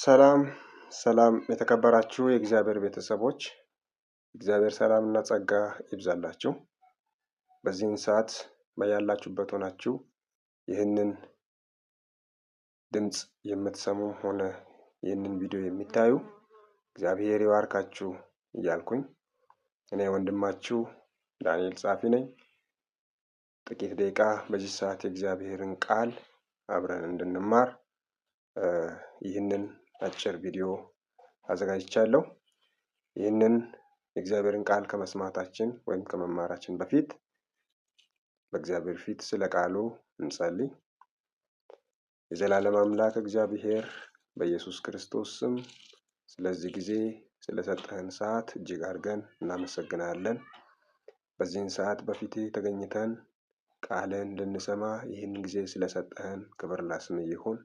ሰላም ሰላም የተከበራችሁ የእግዚአብሔር ቤተሰቦች እግዚአብሔር ሰላም እና ጸጋ ይብዛላችሁ። በዚህን ሰዓት በያላችሁበት ሆናችሁ ይህንን ድምፅ የምትሰሙ ሆነ ይህንን ቪዲዮ የሚታዩ እግዚአብሔር ይባርካችሁ እያልኩኝ እኔ ወንድማችሁ ዳንኤል ጻፊ ነኝ። ጥቂት ደቂቃ በዚህ ሰዓት የእግዚአብሔርን ቃል አብረን እንድንማር ይህንን አጭር ቪዲዮ አዘጋጅቻለሁ። ይህንን የእግዚአብሔርን ቃል ከመስማታችን ወይም ከመማራችን በፊት በእግዚአብሔር ፊት ስለ ቃሉ እንጸልይ። የዘላለም አምላክ እግዚአብሔር በኢየሱስ ክርስቶስ ስም ስለዚህ ጊዜ ስለሰጠህን ሰዓት እጅግ አድርገን እናመሰግናለን። በዚህን ሰዓት በፊት ተገኝተን ቃልን እንድንሰማ ይህን ጊዜ ስለሰጠህን ክብር ላስም ይሁን።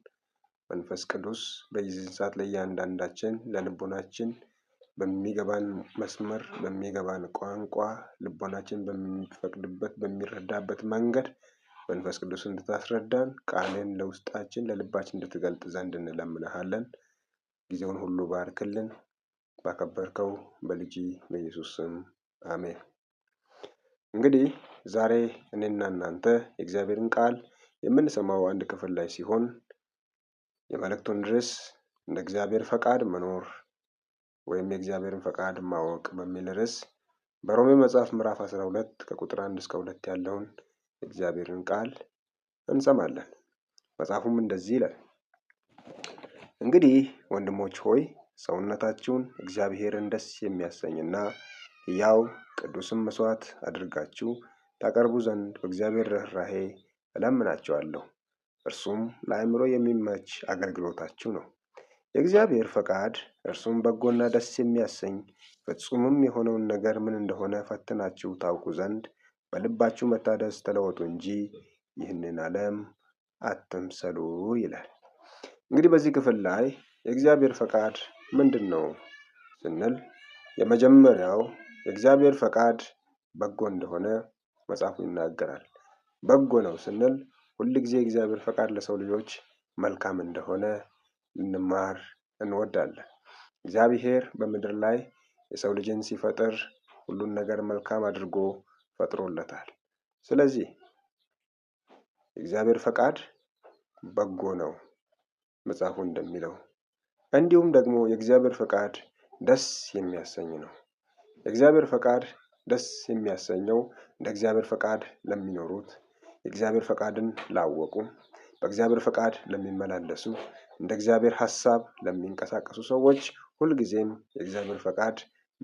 መንፈስ ቅዱስ በዚህ ሰዓት ለእያንዳንዳችን ለልቦናችን በሚገባን መስመር በሚገባን ቋንቋ ልቦናችን በሚፈቅድበት በሚረዳበት መንገድ መንፈስ ቅዱስ እንድታስረዳን ቃልን ለውስጣችን ለልባችን እንድትገልጥ ዘንድ እንለምንሃለን። ጊዜውን ሁሉ ባርክልን። ባከበርከው በልጅ በኢየሱስ ስም አሜን። እንግዲህ ዛሬ እኔና እናንተ የእግዚአብሔርን ቃል የምንሰማው አንድ ክፍል ላይ ሲሆን የመልእክቱን ርዕስ እንደ እግዚአብሔር ፈቃድ መኖር ወይም የእግዚአብሔርን ፈቃድ ማወቅ በሚል ርዕስ በሮሜ መጽሐፍ ምዕራፍ 12 ከቁጥር 1 እስከ 2 ያለውን የእግዚአብሔርን ቃል እንሰማለን። መጽሐፉም እንደዚህ ይላል፣ እንግዲህ ወንድሞች ሆይ ሰውነታችሁን እግዚአብሔርን ደስ የሚያሰኝና ሕያው ቅዱስም መስዋዕት አድርጋችሁ ታቀርቡ ዘንድ በእግዚአብሔር ርኅራሄ እለምናችኋለሁ። እርሱም ለአእምሮ የሚመች አገልግሎታችሁ ነው። የእግዚአብሔር ፈቃድ እርሱም በጎና ደስ የሚያሰኝ ፍጹምም የሆነውን ነገር ምን እንደሆነ ፈትናችሁ ታውቁ ዘንድ በልባችሁ መታደስ ተለወጡ እንጂ ይህንን ዓለም አትምሰሉ ይላል። እንግዲህ በዚህ ክፍል ላይ የእግዚአብሔር ፈቃድ ምንድን ነው ስንል የመጀመሪያው የእግዚአብሔር ፈቃድ በጎ እንደሆነ መጽሐፉ ይናገራል። በጎ ነው ስንል ሁል ጊዜ የእግዚአብሔር ፈቃድ ለሰው ልጆች መልካም እንደሆነ ልንማር እንወዳለን። እግዚአብሔር በምድር ላይ የሰው ልጅን ሲፈጥር ሁሉን ነገር መልካም አድርጎ ፈጥሮለታል። ስለዚህ የእግዚአብሔር ፈቃድ በጎ ነው መጽሐፉ እንደሚለው። እንዲሁም ደግሞ የእግዚአብሔር ፈቃድ ደስ የሚያሰኝ ነው። የእግዚአብሔር ፈቃድ ደስ የሚያሰኘው እንደ እግዚአብሔር ፈቃድ ለሚኖሩት የእግዚአብሔር ፈቃድን ላወቁ፣ በእግዚአብሔር ፈቃድ ለሚመላለሱ፣ እንደ እግዚአብሔር ሀሳብ ለሚንቀሳቀሱ ሰዎች ሁልጊዜም የእግዚአብሔር ፈቃድ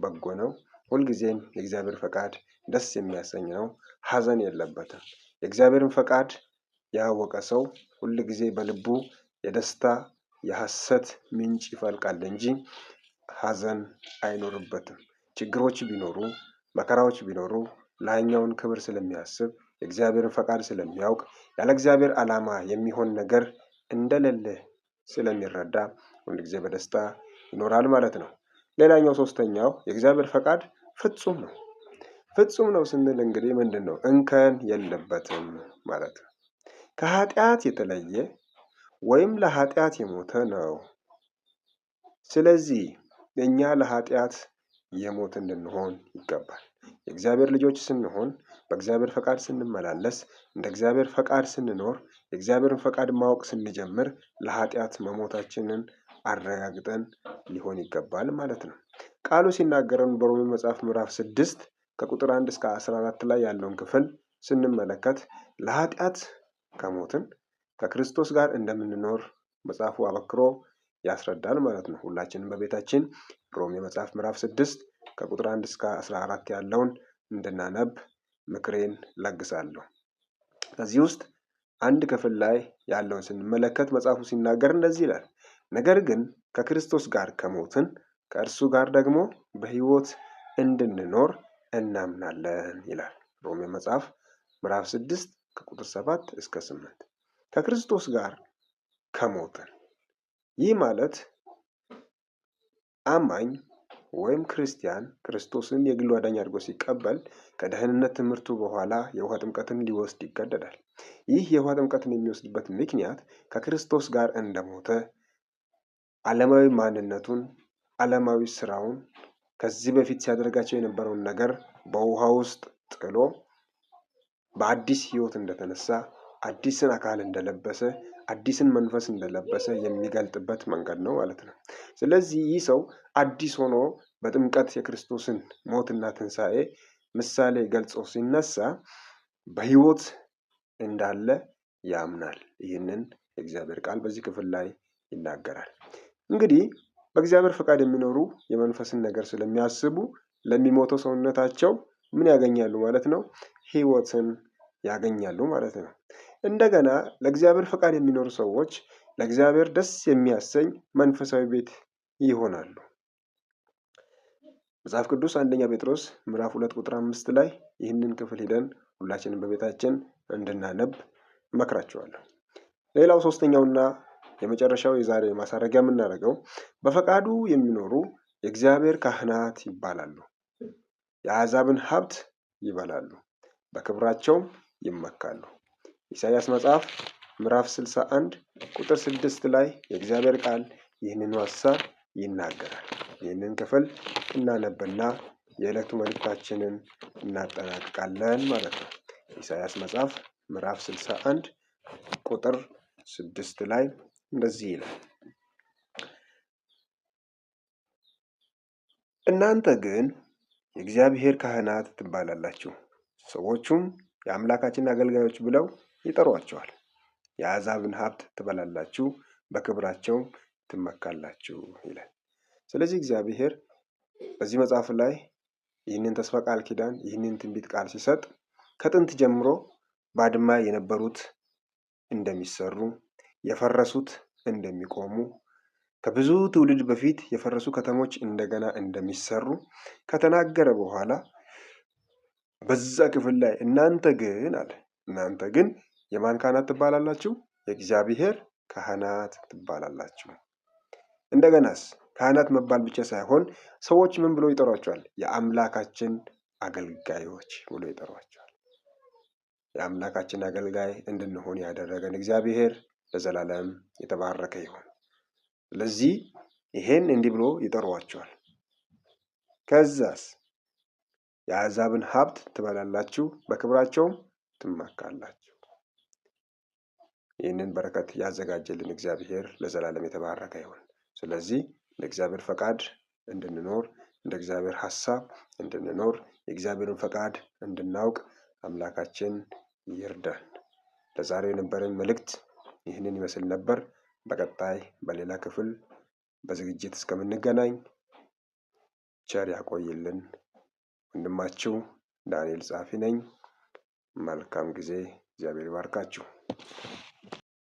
በጎ ነው። ሁልጊዜም የእግዚአብሔር ፈቃድ ደስ የሚያሰኝ ነው። ሀዘን የለበትም። የእግዚአብሔርን ፈቃድ ያወቀ ሰው ሁልጊዜ በልቡ የደስታ የሐሰት ምንጭ ይፈልቃል እንጂ ሀዘን አይኖርበትም። ችግሮች ቢኖሩ መከራዎች ቢኖሩ ላይኛውን ክብር ስለሚያስብ የእግዚአብሔርን ፈቃድ ስለሚያውቅ ያለ እግዚአብሔር ዓላማ የሚሆን ነገር እንደሌለ ስለሚረዳ ሁልጊዜ በደስታ ይኖራል ማለት ነው። ሌላኛው ሶስተኛው የእግዚአብሔር ፈቃድ ፍጹም ነው። ፍጹም ነው ስንል እንግዲህ ምንድን ነው? እንከን የለበትም ማለት ነው። ከኃጢአት የተለየ ወይም ለኃጢአት የሞተ ነው። ስለዚህ እኛ ለኃጢአት የሞት እንድንሆን ይገባል። የእግዚአብሔር ልጆች ስንሆን በእግዚአብሔር ፈቃድ ስንመላለስ እንደ እግዚአብሔር ፈቃድ ስንኖር የእግዚአብሔርን ፈቃድ ማወቅ ስንጀምር ለኃጢአት መሞታችንን አረጋግጠን ሊሆን ይገባል ማለት ነው። ቃሉ ሲናገረን በሮሜ መጽሐፍ ምዕራፍ ስድስት ከቁጥር አንድ እስከ አስራ አራት ላይ ያለውን ክፍል ስንመለከት ለኃጢአት ከሞትን ከክርስቶስ ጋር እንደምንኖር መጽሐፉ አበክሮ ያስረዳል ማለት ነው። ሁላችንም በቤታችን ሮሜ መጽሐፍ ምዕራፍ ስድስት ከቁጥር አንድ እስከ አስራ አራት ያለውን እንድናነብ ምክሬን ለግሳለሁ። ከዚህ ውስጥ አንድ ክፍል ላይ ያለውን ስንመለከት መጽሐፉ ሲናገር እንደዚህ ይላል። ነገር ግን ከክርስቶስ ጋር ከሞትን ከእርሱ ጋር ደግሞ በሕይወት እንድንኖር እናምናለን ይላል። ሮሜ መጽሐፍ ምዕራፍ ስድስት ከቁጥር ሰባት እስከ ስምንት ከክርስቶስ ጋር ከሞትን ይህ ማለት አማኝ ወይም ክርስቲያን ክርስቶስን የግሉ አዳኝ አድርጎ ሲቀበል ከደህንነት ትምህርቱ በኋላ የውሃ ጥምቀትን ሊወስድ ይገደዳል። ይህ የውሃ ጥምቀትን የሚወስድበት ምክንያት ከክርስቶስ ጋር እንደሞተ ዓለማዊ ማንነቱን፣ ዓለማዊ ስራውን፣ ከዚህ በፊት ሲያደርጋቸው የነበረውን ነገር በውሃ ውስጥ ጥሎ በአዲስ ህይወት እንደተነሳ አዲስን አካል እንደለበሰ አዲስን መንፈስ እንደለበሰ የሚገልጥበት መንገድ ነው ማለት ነው። ስለዚህ ይህ ሰው አዲስ ሆኖ በጥምቀት የክርስቶስን ሞትና ትንሣኤ ምሳሌ ገልጾ ሲነሳ በሕይወት እንዳለ ያምናል። ይህንን የእግዚአብሔር ቃል በዚህ ክፍል ላይ ይናገራል። እንግዲህ በእግዚአብሔር ፈቃድ የሚኖሩ የመንፈስን ነገር ስለሚያስቡ ለሚሞተው ሰውነታቸው ምን ያገኛሉ ማለት ነው? ሕይወትን ያገኛሉ ማለት ነው። እንደገና ለእግዚአብሔር ፈቃድ የሚኖሩ ሰዎች ለእግዚአብሔር ደስ የሚያሰኝ መንፈሳዊ ቤት ይሆናሉ። መጽሐፍ ቅዱስ አንደኛ ጴጥሮስ ምዕራፍ ሁለት ቁጥር አምስት ላይ ይህንን ክፍል ሂደን ሁላችንም በቤታችን እንድናነብ እመክራችኋለሁ። ሌላው ሶስተኛውና የመጨረሻው የዛሬ ማሳረጊያ የምናደርገው በፈቃዱ የሚኖሩ የእግዚአብሔር ካህናት ይባላሉ። የአሕዛብን ሀብት ይበላሉ፣ በክብራቸውም ይመካሉ። ኢሳያስ መጽሐፍ ምዕራፍ 61 ቁጥር ስድስት ላይ የእግዚአብሔር ቃል ይህንኑ ሀሳብ ይናገራል። ይህንን ክፍል እናነብና የዕለቱ መልእክታችንን እናጠናቅቃለን ማለት ነው። ኢሳያስ መጽሐፍ ምዕራፍ 61 ቁጥር ስድስት ላይ እንደዚህ ይላል፣ እናንተ ግን የእግዚአብሔር ካህናት ትባላላችሁ፣ ሰዎቹም የአምላካችን አገልጋዮች ብለው ይጠሯቸዋል። የአሕዛብን ሀብት ትበላላችሁ፣ በክብራቸውም ትመካላችሁ ይላል። ስለዚህ እግዚአብሔር በዚህ መጽሐፍ ላይ ይህንን ተስፋ ቃል ኪዳን ይህንን ትንቢት ቃል ሲሰጥ ከጥንት ጀምሮ ባድማ የነበሩት እንደሚሰሩ የፈረሱት እንደሚቆሙ ከብዙ ትውልድ በፊት የፈረሱ ከተሞች እንደገና እንደሚሰሩ ከተናገረ በኋላ በዛ ክፍል ላይ እናንተ ግን አለ እናንተ ግን የማን ካህናት ትባላላችሁ? የእግዚአብሔር ካህናት ትባላላችሁ። እንደገናስ ካህናት መባል ብቻ ሳይሆን ሰዎች ምን ብለው ይጠሯቸዋል? የአምላካችን አገልጋዮች ብሎ ይጠሯቸዋል። የአምላካችን አገልጋይ እንድንሆን ያደረገን እግዚአብሔር ለዘላለም የተባረከ ይሁን። ስለዚህ ይሄን እንዲህ ብሎ ይጠሯቸዋል። ከዛስ የአሕዛብን ሀብት ትበላላችሁ፣ በክብራቸውም ትመካላችሁ። ይህንን በረከት ያዘጋጀልን እግዚአብሔር ለዘላለም የተባረከ ይሁን። ስለዚህ እግዚአብሔር ፈቃድ እንድንኖር እንደ እግዚአብሔር ሐሳብ እንድንኖር የእግዚአብሔርን ፈቃድ እንድናውቅ አምላካችን ይርዳን። ለዛሬ የነበረን መልእክት ይህንን ይመስል ነበር። በቀጣይ በሌላ ክፍል በዝግጅት እስከምንገናኝ ቸር ያቆይልን። ወንድማችሁ ዳንኤል ጻፊ ነኝ። መልካም ጊዜ። እግዚአብሔር ይባርካችሁ።